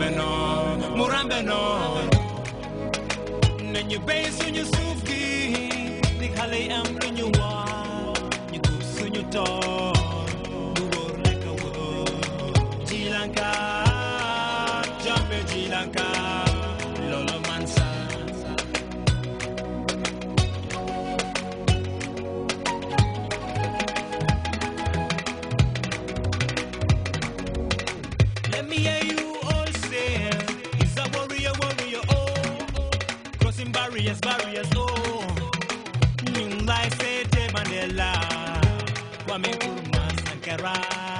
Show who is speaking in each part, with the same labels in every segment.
Speaker 1: murambeno murambeno nañu béy suñu suuf gi di xale yi am lu ñu wax ñu tuuf suñu tool barriers, barriers, oh. Nyumba isete Mandela, wamekuruma Sankara.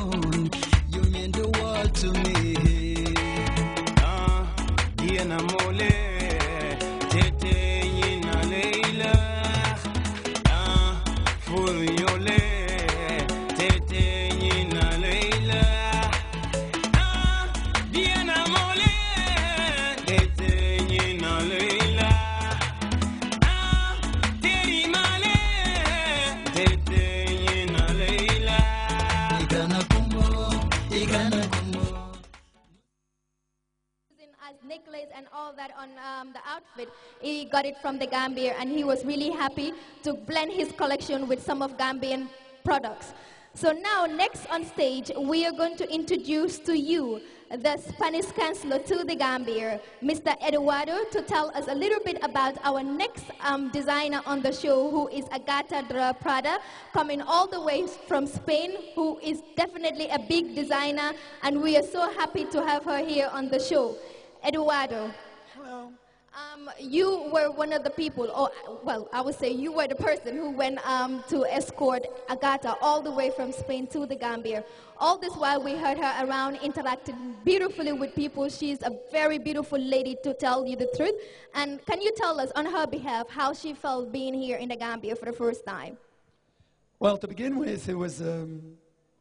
Speaker 1: enamole tete and all that on um, the outfit. He got it from the Gambia and he was really happy to blend his collection with some of Gambian products. So now, next on stage, we are going to introduce to you the Spanish Chancellor to the Gambia, Mr. Eduardo, to tell us a little bit about our next um, designer on the show, who is Agata Dra Prada, coming all the way from Spain, who is definitely a big designer, and we are so happy to have her here on the show. Eduardo. Hello. Um, you were one of the people, or well, I would say you were the person who went um, to escort Agata all the way from Spain to the Gambia. All this while we heard her around interacting beautifully with people. She's a very beautiful lady to tell you the truth. And can you tell us on her behalf how she felt being here in the Gambia for the first time? Well, to begin with, it was um,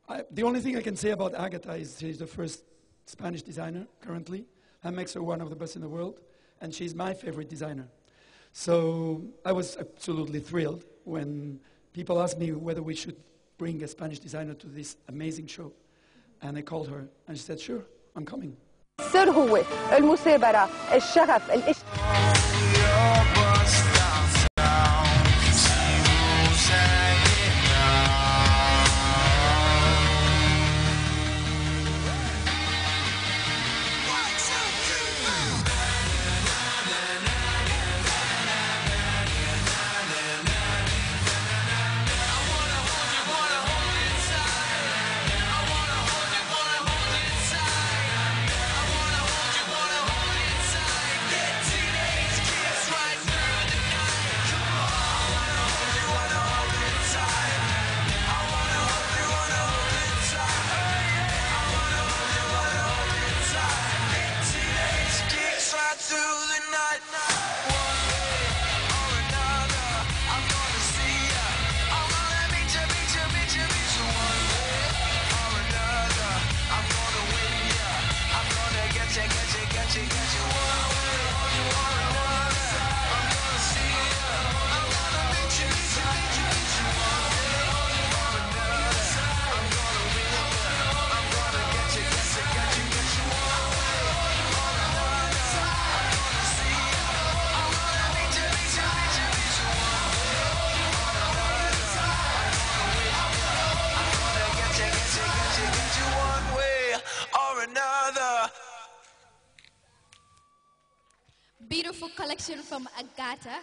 Speaker 1: I, the only thing I can say about Agata is she's the first Spanish designer currently. That makes her one of the best in the world, and she's my favorite designer. So I was absolutely thrilled when people asked me whether we should bring a Spanish designer to this amazing show. And I called her, and she said, sure, I'm coming. Beautiful collection from Agata.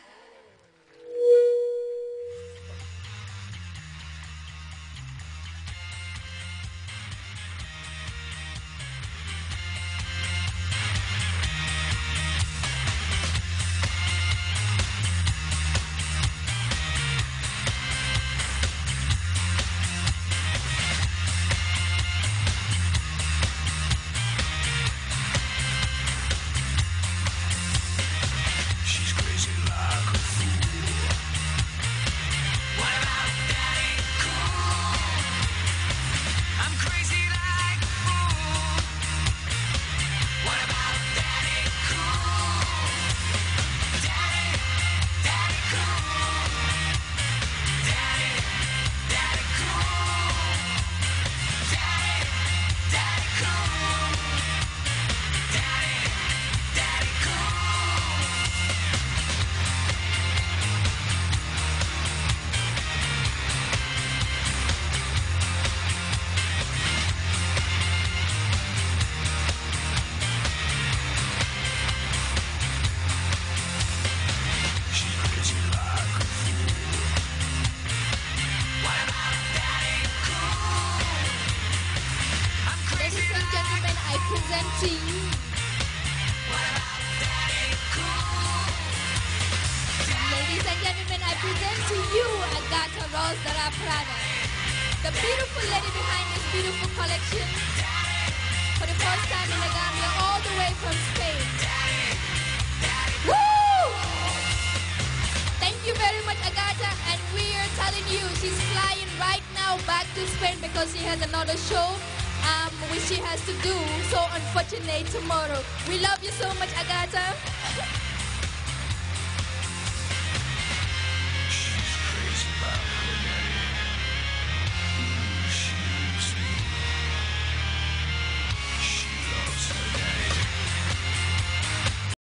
Speaker 1: girls that are proud The beautiful lady behind this beautiful collection, for the first time in the Gambia, all the way from Spain. Woo! Thank you very much, Agata, and we are telling you she's flying right now back to Spain because she has another show. Um, which she has to do, so unfortunate tomorrow. We love you so much, Agata.